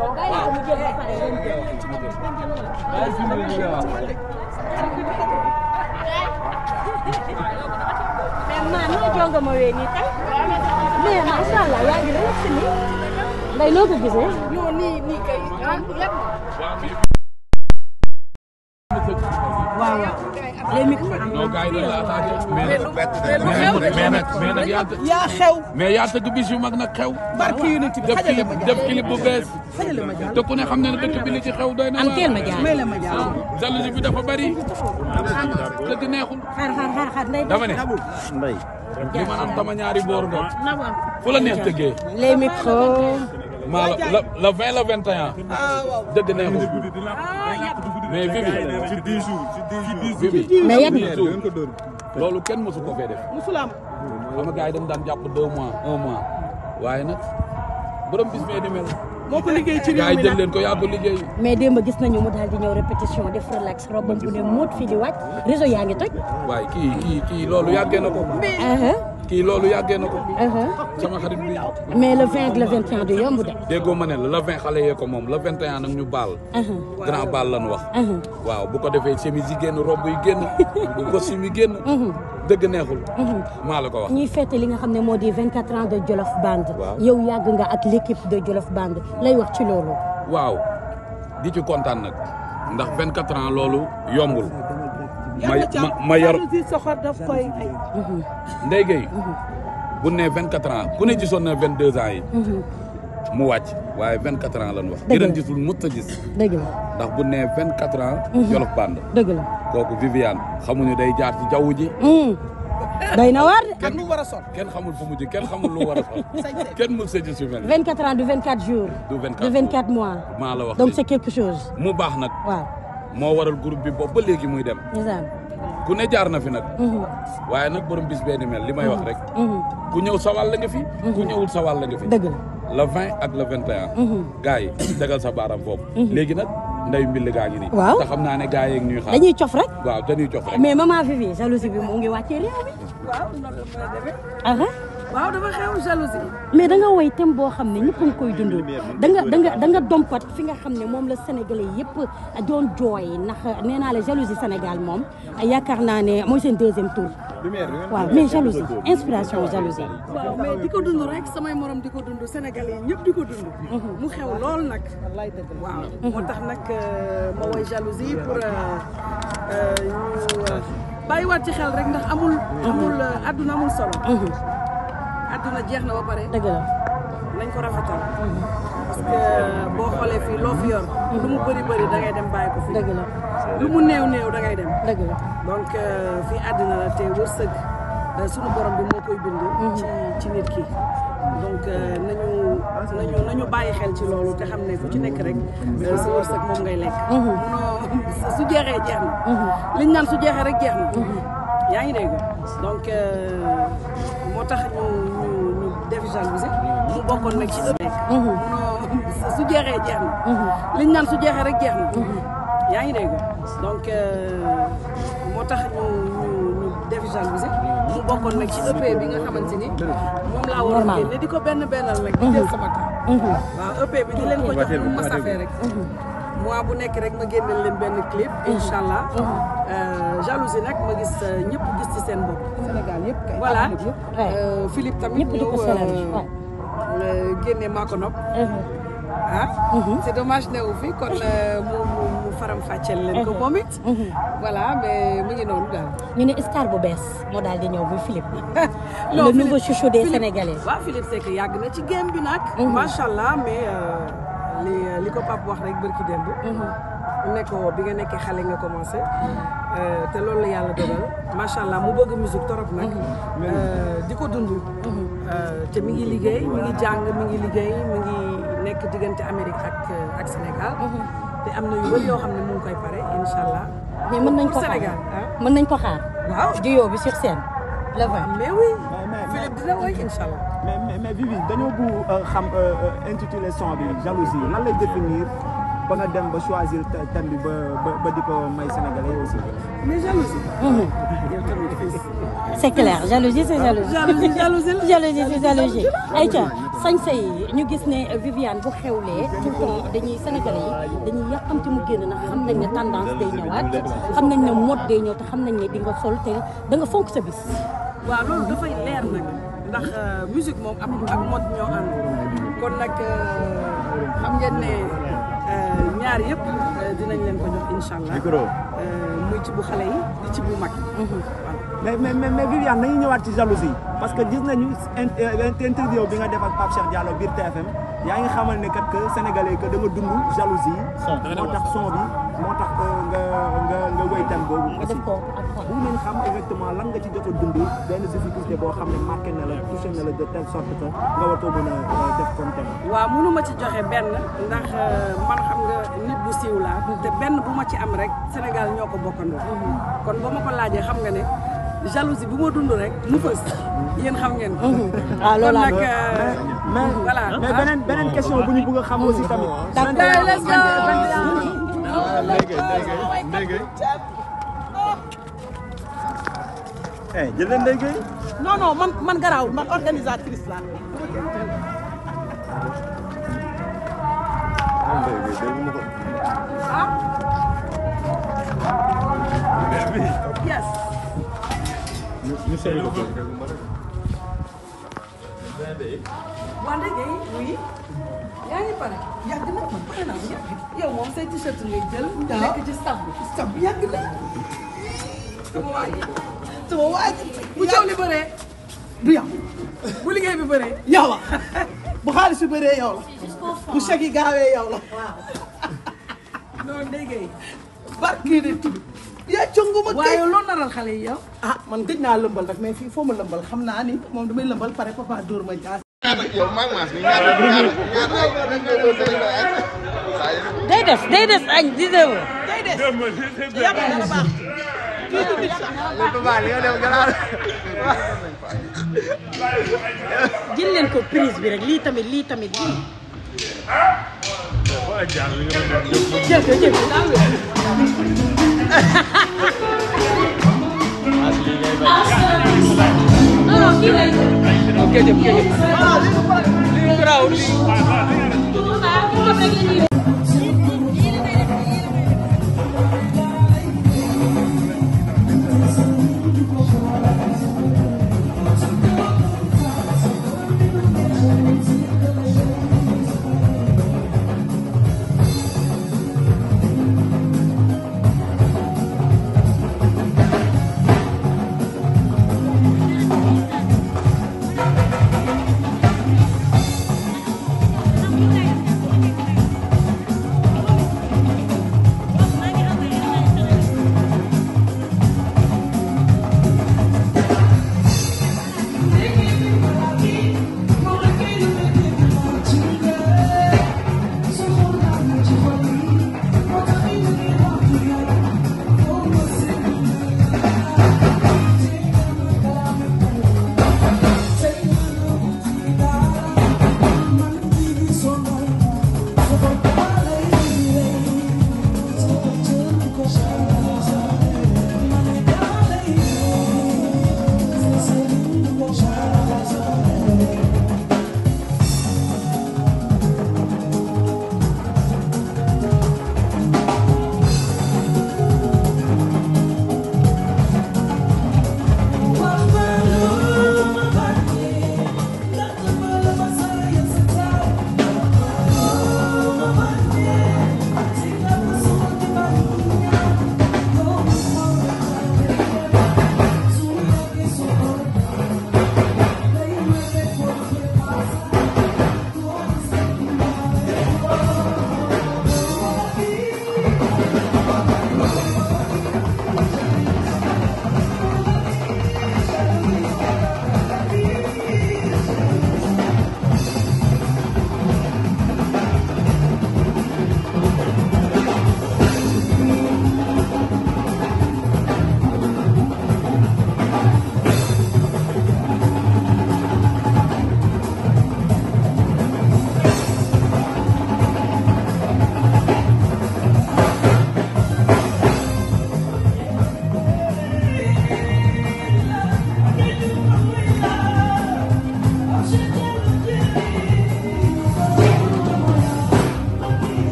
maa noo jongama wee nii tey mais macha allah yaa ngi lay wax si nii nday noo ko gisee. non gars yi dañ la attaqué. mais nag mais nag yaa xew. mais yaa tëgg bis mag nag xew. barke def clip bu bees. ne xam ne dëkk bi li xew doy na. am ma jaar may la ma jaar. jalousie bi dafa bari. dëgg neexul. xaar xaar xaar ne. ndey. li ma naan sama maa la le vingt le vingt et un. Ah, dëgg neexul. Ah, ah, mais Vivi. ci dix jours ci dix jours. Vivi mais loolu kenn mësu ko fee def. mësul am. xam nga daan jàpp deux mois un mois. waaye nag borom bis bee ni mel. moo ko liggéey leen ko yaa ko liggéey. mais démb gis nañu mu daal di ñëw répétition def relax robam bu ne muut di wàcc réseau yaa ngi toj. waaye kii kii kii loolu yàggee na ko. kii loolu yàggee na ko. Uh-huh. sama xarit bi. mais le 20 ak le yomb de. déggoo ma ne la le 20 xale yee ko moom le 21 nag ñu baal. Uh-huh. grand baal lan wax. Uh-huh. waaw bu ko defee chemise yi génn robe yi génn. bu costume yi génn. dëgg neexul. maa la ko wax. ñuy fête li nga xam ne moo di 24 ans de Jolof Band. yow yàgg nga ak l' équipe de Jolof Band lay wax ci loolu. waaw di ci kontaan nag ndax 24 ans loolu yombul. ma yor Ndeye Gueye bu ne vingt quatre ans ku ne gisoon na vingt deux ans yi mu wàcc waaye vingt quatre ans lañ wax ki ren gisul mës a gis dëgg ndax bu ne vingt quatre ans Jolof mhm. Band dëgg la kooku Viviane xamuñu day jaar ci jaww ji mhm. doy na waar de ak lu war a sol kenn xamul fu mu ji kenn xamul lu war a sol kenn mu sëñ si mel. ans du 24 jours. du 24 du mois. maa la wax donc c'est quelque chose. mu baax nag waaw. moo waral groupe bi boobu ba léegi muy dem. ku ne jaar na fi nag. Mhm. waaye nag borom bis ni mel li may wax mhm. rek. Mhm. ku ñëw sa la nga fi. ku ñëwul sa wàll nga fi. dëgg la le 20 ak le 21. gars yi tegal sa baaram foofu. léegi nag nday mbill gaa ngi nii. waaw te xam naa ne gars yeeg ñuy xaar. dañuy cof rek. waaw dañuy cof rek. mais maman Fifi jalousie bi mu ngi wàccee réew mi. waaw noonu la waaw dafa xew jalousie. mais da nga woy thème boo xam ne ñëpp nga koy dund. da nga da nga da nga dompat fi nga xam ne moom la sénégalais yëpp doon jooy ndax nee naa la jalousie Sénégal moom yaakaar naa ne mooy seen deuxième tour. waaw mais jalousie inspiration jalousie. waaw di ko dund rek samay morom di ko dund sénégalais ñëpp di ko dund. Mhm. mu xew lool nag. waaw mhm. moo tax nag euh, ma woy jalousie pour euh, euh, ñu bàyyiwaat ci xel rek amul. Mhm. amul àdduna amul solo. àdduna jeex na ba pare. dëgg la nañ ko rafetal. parce boo xoolee fii loo fi yor. lu mu bëri bëri da dem bàyyi ko fi dëgg la lu mu néew néew da dem. dëgg la donc euh, fii àddina la te wërsëg euh, sunu borom bi moo koy bind. Mhm. ci ci nit ki. donc euh, nañu nañu nañu bàyyi xel ci loolu te xam ne ku ci nekk rek sa wërsëg moom ngay lekk. Mhm. non su jeexee jeex na. Mhm. liñ naan su jeexee rek jeex na. yaa ngi dégg donc moo tax ñu. jalousé mu mm-hmm. bokkoon nag ci ëpp mm-hmm. nekk su jeexee jeex na mm-hmm. liñ naan su jeexee rek jeex na yaa ngi dégg donc euh, moo tax ñu ñu def jalousé mu bokkoon nag ci ëpp e bi nga xamante ni moom laa war a génne di ko benn bennal nag di jël sama temps waaw ëpp e bi di leen ko jox mu ma rek mois bu nekk rek ma génneel leen benn clip. Mhm. incha allah. Mhm. Euh, jalousie nag ma gis euh, ñëpp gis ci seen bopp. Sénégal yëpp kay voilà euh, Philippe tamit ñëw génne maa ko nopp. Mhm. ah. c'est dommage newu fi kon ko moom it. voilà mais mu ñu ne star bu bees moo daal di ñëw bu Philippe bi. non le yàgg na ci game bi nag. macha allah li ko pap wax rek bërki démb mhm. ne ko bi nga nekkee xale nga commencé euh, te loolu la yàlla dogal macha allah mu bëgg musique torop nag mhm. euh, di ko dund mhm. euh, te mi ngi liggéey mi ngi jàng mi ngi liggéey mi ngi nekk diggante Amérique ak ak Sénégal te am na yu bëri yoo xam ne mu ngi koy pare incha allah mais mën nañ ko xaar Sénégal mën nañ ko xaar waaw du yoo bi sur scène le vingt mais oui Philippe dina woy incha allah mais mais mais Vivi dañoo bëgg euh, xam euh, euh, intitulé son bi jalousie lan lay définir ba nga dem ba choisir thème bi ba ba di ko may sénégalais aussi. mais jalousie. Ah yow tamit c'est clair jalousie c'est jalousie. jalousie jalousie jalousie c'est jalousie. ayca sañse yi ñu gis ne Viviane bu xewlee tout le temps dañuy sénégalais yi dañuy yàqamti mu génn nag xam nañ ne tendance day ñëwaat xam nañ ne mode day ñëw te xam nañ ne di nga sol te da nga fonk sa bis. waaw loolu dafay leer nag. ndax euh, musique moom am ak mode ñoo ànd kon nag euh, xam ngeen ne euh, ñaar yëpp dinañ leen ko jox incha allah muy ci bu xale yi di ci bu mag yi. Mhm. mais mais mais Viviane nañu ñëwaat ci jalousie parce que gis nañu interview bi nga def ak Pape Cheikh Diallo biir TFM yaa ngi xamal ne kat que sénégalais que dama dund jalousie. moo tax son bi moo tax. boobu ah, aussi bu ngeen xam exactement lan nga ci jot a dund benn difficulté boo xam ne marqué na la touché na la de telle sorte que ma war koo mën a euh, def comme thème waaw mënu ma ci joxe benn ndax euh, man xam nga nit bu siiw laa te benn bu ma ci am rek Sénégal ñoo ko bokkandoo mm-hmm. kon ba ma ko laajee xam nga ne jalousie bu ma dund rek mu fës yéen xam ngeen ko. ah loolu nag euh, voilà mais beneen beneen question bu ñu bëgg a xam aussi tamit. d' accord eh jël leen léegi. non non man man garaawul man organisatrice laa. waa léegi oui yaa ngi pare yàgg na man pare naa yàgg yow moom say t-shirt ngay jël. nekk ci stab bi stab bi yàgg na. exactement waaye bu coow li bëree du yow bu liggéey bi bëree yow la bu xaalis bi bëree yow la bu chèque yi gaawee yow la waaw noonu déggee barke de tudd yaa congu ma waaye loo naral xale yi yow ah man gëj naa lëmbal rek mais fii foo ma lëmbal xam naa ni moom damay lëmbal pare papa dóor ma jaas day def day def añ di day def jël leen ko prise bi rek lii tamit lii tamit lii. jël ko jël ko. Ah, ok jëf jëf.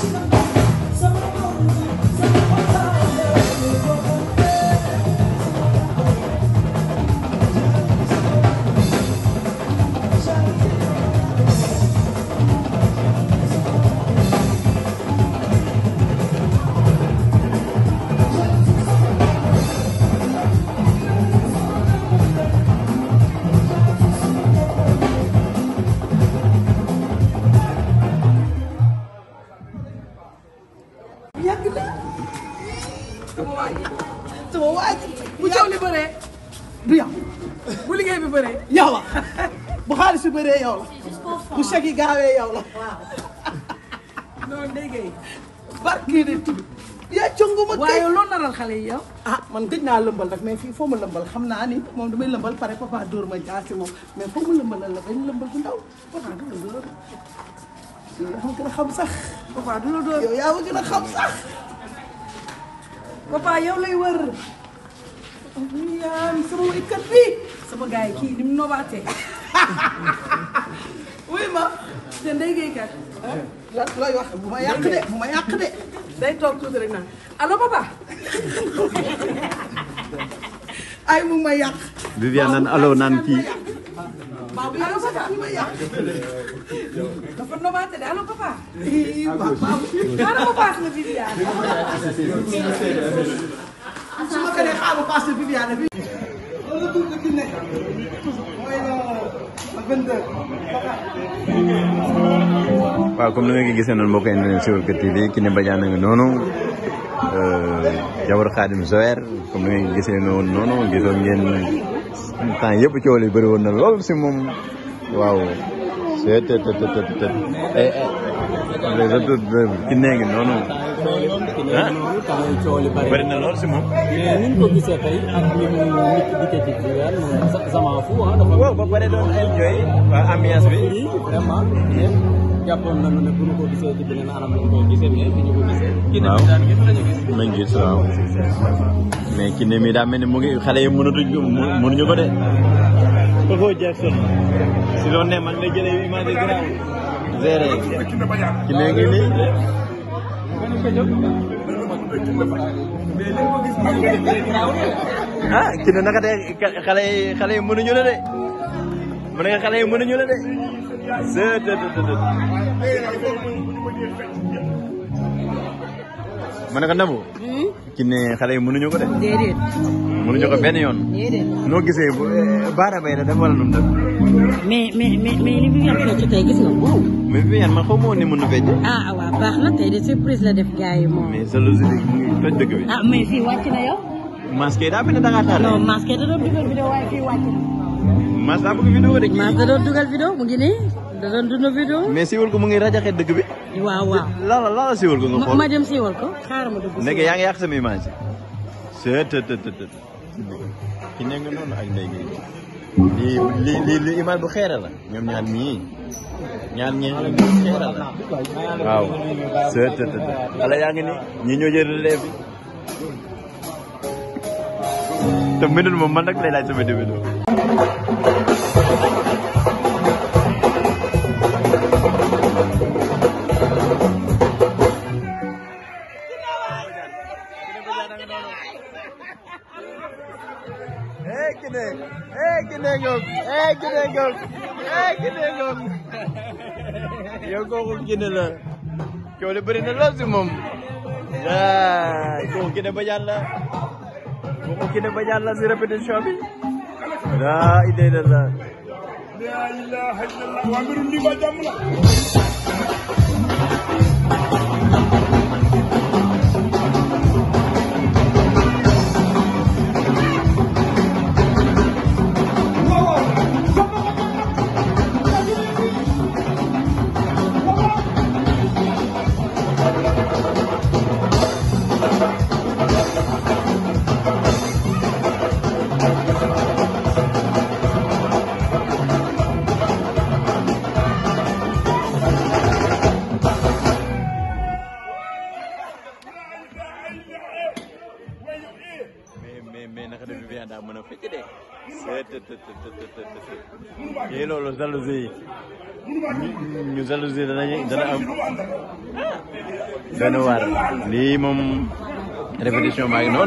Thank you. dëgg la sama waa ji sama waa ji bu coow li bëree du yow bu liggéey bi bëree yow la bu xaalis bi bëree yow la bu chèque yi gaawee yow la noonu déggee barke de tudd yaa conguma tey waaye loo naral xale yi yow ah man gëj naa lëmbal rek mais fii foo ma lëmbal xam naa ni moom damay lëmbal pare papa dóor ma jaasi moom mais foo ma lëmbal la benn lëmbal bu ndaw papa dóor ma xam gën a xam sax papa du la dóor yow yaa ma gën a xam sax. papa yow lay wër. yaa sama waykat bi sama gars yi kii ni mu noobaatee. wuy ma. te ndeygeeykat. Ah. lan looy bu ma de bu ma de. day toog tuuti rek naan allo papa. ay mu ma yàq. Viviane naan allo naan kii. waaw bu yàq ma yàq. dafa nobaate daal papa. xaaral ma paas la Viviane. su ma ko nee xaaral bi. loolu tuuti waaw comme ni nga ko gisee noonu mbokk internet si Siweulko TV Kiné Badiane a ngi noonu. Euh, Jabar Xaadim Zoer comme ni nga gisee noonu noonu gisoon ngeen temps yëpp coow li bëri woon na lool si moom waaw. seet te te te te te noonu. ah bëri na ci biir sama fu ah dafa. waaw ba pare doon enjoy waa ambiance bi. vraiment yéen jàppoon ki daa mel ni mu ngi xale yi mënatuñ mënuñu ko de. si doon ne man nga ne ngi nii. ah ki ne naka de xale yi xale yi mënuñu la de mu xale yi mënuñu la de. c'est ma ne yi mënuñu ko de. déedéet. benn yoon. noo gisee baara bay la dafa wala nu mais mais mais mais li Viviane fecc gis nga ko. mais Viviane man ma woon ne mën na fecc. ah waaw baax na tey de surprise la def gars yi moom. mais jalousie mu ngi toj dëkk bi. ah mais fii wàcc na yow. daa mel ne da ngaa taal. non masque da doon dugal vidéo waaye fii wàcc na. masque daa bëgg vidéo rek. masque da mu ngi nii da doon dund vidéo. mu ngi rajaxe dëkk bi. waaw waaw lala lala siiwal ko nga xool. ma dem siiwal ko xaaral ma dugg. nekk yaa ngi yàq sama image. seet te te te te. ki nekk noonu lii lii lii lii imaam bu xeere la ñoom ñaar ñii ñaar ñii xeere la waaw seetët xale yaa ngi ni ñi ñoo jël relève bi te mbindul moom man rek lay laaj sama ay gine ngoon ay gine ngoon yow kooku gine la coow li bëri na lool si moom waay kooku gine ba jàll la kooku gine ba jàll la si répétition bi laa ilaaha illallaah laa ilaaha illallaah waa mbirum li ba jàmm la jalousie danañu dana am ah. lii moom répétition maa ngi